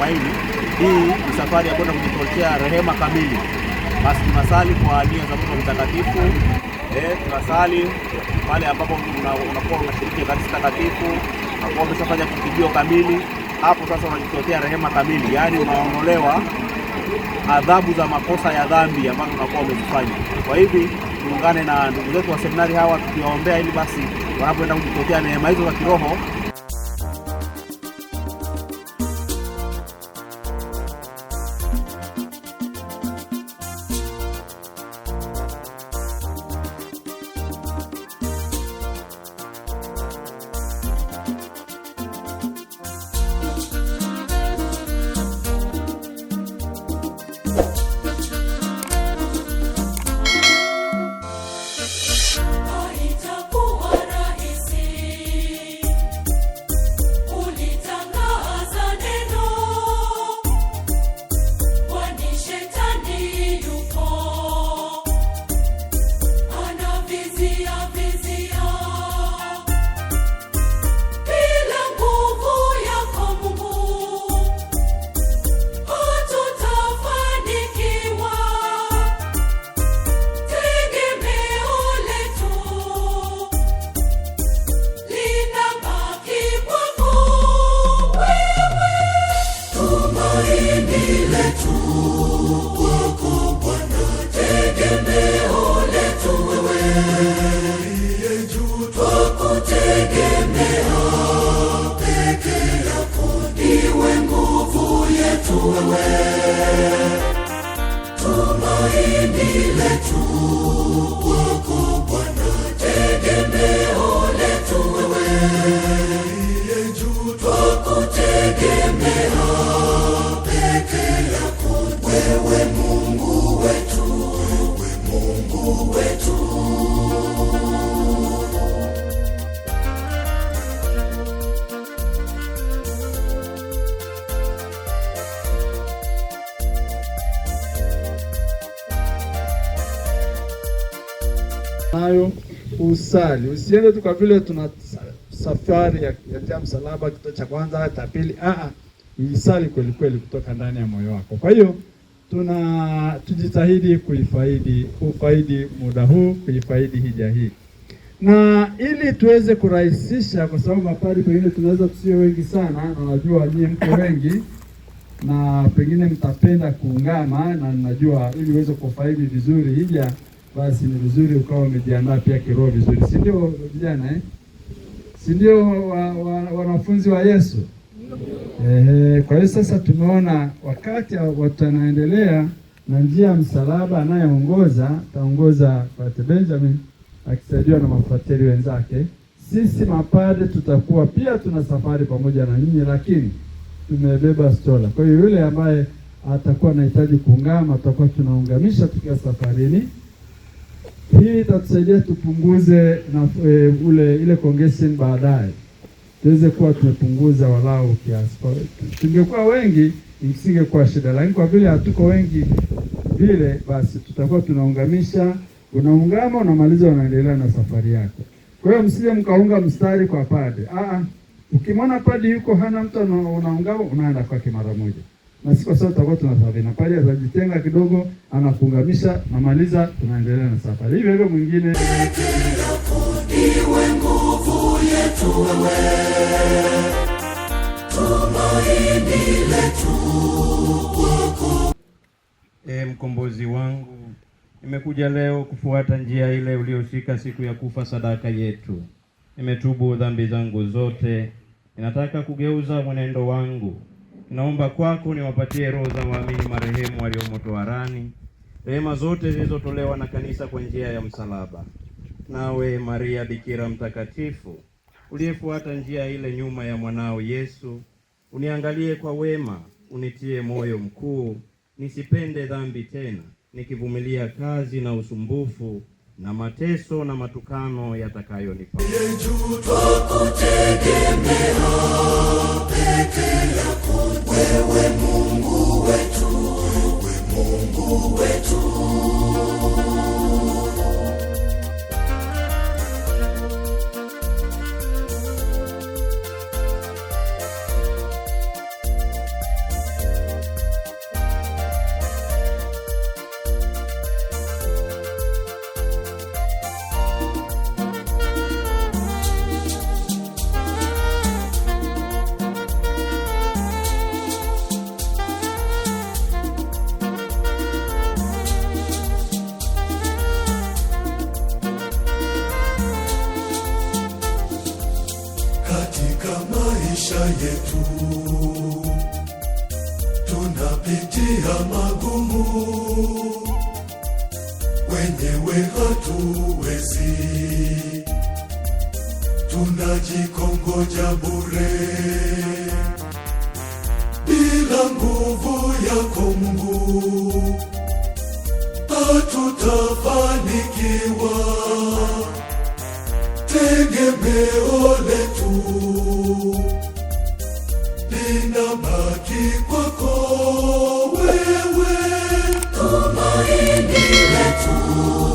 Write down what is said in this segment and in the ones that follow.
matumaini. Hii ni safari ya kwenda kujitokea rehema kamili. Basi tunasali kwa nia za Mungu Mtakatifu, eh, tunasali pale ambapo unakuwa unashiriki Ekaristi Takatifu, unakuwa umeshafanya kitubio kamili. Hapo sasa unajitokea rehema kamili, yaani unaonolewa adhabu za makosa ya dhambi ambazo unakuwa umezifanya. Kwa hivi tuungane na ndugu zetu wa seminari hawa tukiwaombea, ili basi wanapoenda kujitokea neema hizo za kiroho nayo usali. Usiende tu kwa vile tuna safari ya kutetea msalaba, kito cha kwanza hata pili. Aa, uisali kweli kweli kutoka ndani ya moyo wako. Kwa hiyo tuna tujitahidi kuifaidi kufaidi muda huu, kuifaidi hija hii, na ili tuweze kurahisisha, kwa sababu mapari pengine tunaweza tusiwe wengi sana, na najua nyie mko wengi na pengine mtapenda kuungana, na najua ili uweze kufaidi vizuri hija basi ni vizuri ukawa umejiandaa pia kiroho vizuri, si ndio vijana eh? si ndio wanafunzi wa, wa, wa Yesu eh? Kwa hiyo sasa tumeona wakati watu wanaendelea na njia ya msalaba, anayeongoza taongoza Frat Benjamin akisaidiwa na mafuateli wenzake. Sisi mapade tutakuwa pia tuna safari pamoja na nyinyi, lakini tumebeba stola. Kwa hiyo yule ambaye atakuwa anahitaji kuungama, tutakuwa tunaungamisha tukiwa safarini. Hii itatusaidia tupunguze na, e, ule ile congestion baadaye tuweze kuwa tumepunguza walau kiasi. Tungekuwa wengi isingekuwa shida, lakini kwa vile hatuko wengi vile, basi tutakuwa tunaungamisha, unaungama, unamaliza, unaendelea na safari yako. Kwa hiyo msije mkaunga mstari kwa pade. Ah, ah, ukimwona padi yuko hana mtu unaungama, unaenda kwake mara moja na si kwa sababu tutakuwa na pale atajitenga kidogo, anafungamisha namaliza, tunaendelea na safari. Hivyo hivyo mwingine iwe nguvu yetu wewe, tumaini letu kwako. E mkombozi wangu, nimekuja leo kufuata njia ile uliyoshika siku ya kufa sadaka yetu. Nimetubu dhambi zangu zote, ninataka kugeuza mwenendo wangu naomba kwako niwapatie roho za waamini marehemu waliomo toharani, rehema zote zilizotolewa na kanisa kwa njia ya msalaba. Nawe Maria Bikira mtakatifu uliyefuata njia ile nyuma ya mwanao Yesu, uniangalie kwa wema, unitie moyo mkuu, nisipende dhambi tena, nikivumilia kazi na usumbufu na mateso na matukano yatakayonipa Eu é Mungu maisha yetu tunapitia magumu, wenyewe hatuwezi, tunajikongoja bure bila nguvu yako Mungu hatutafanikiwa, tegemeo letu linabaki kwako wewe, tumaini letu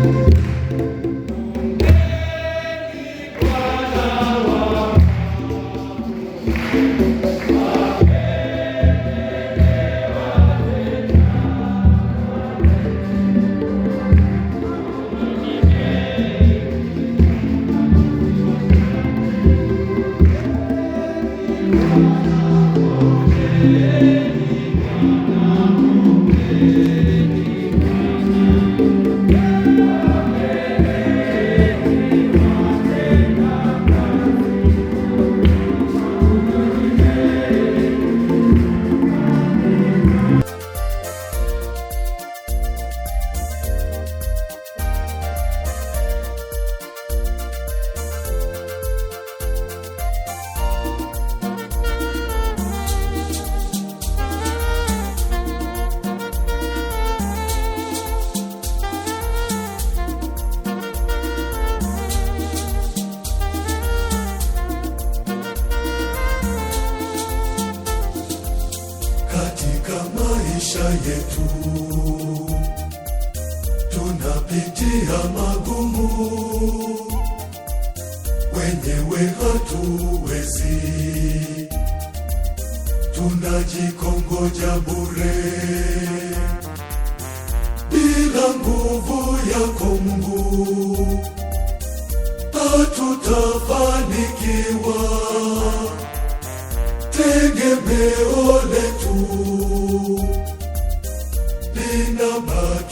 Thank you. maisha yetu tunapitia magumu, wenyewe hatuwezi, tunajikongoja bure bila nguvu yako Mungu hatutafanikiwa. Tegemeo letu the mud.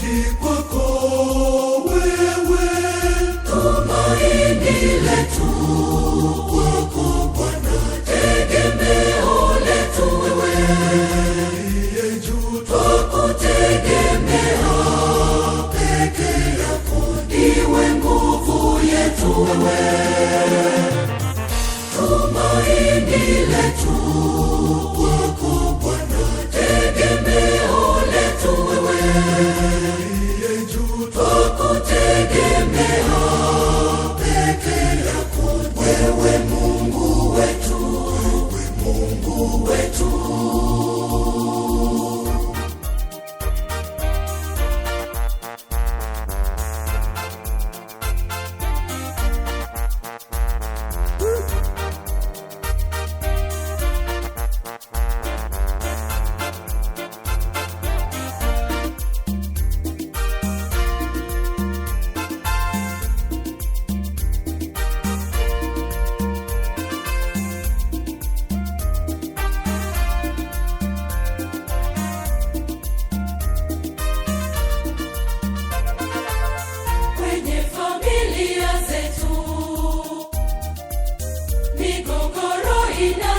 Ready know.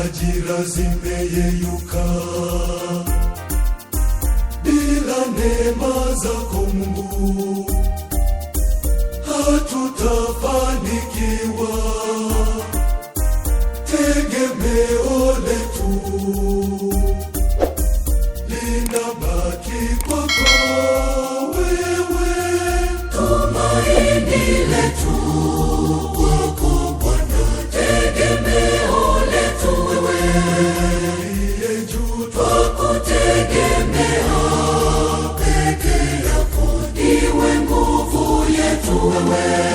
Ajira zimeyeyuka, bila neema zako Mungu hatutafanikiwa, tegemeo letu away.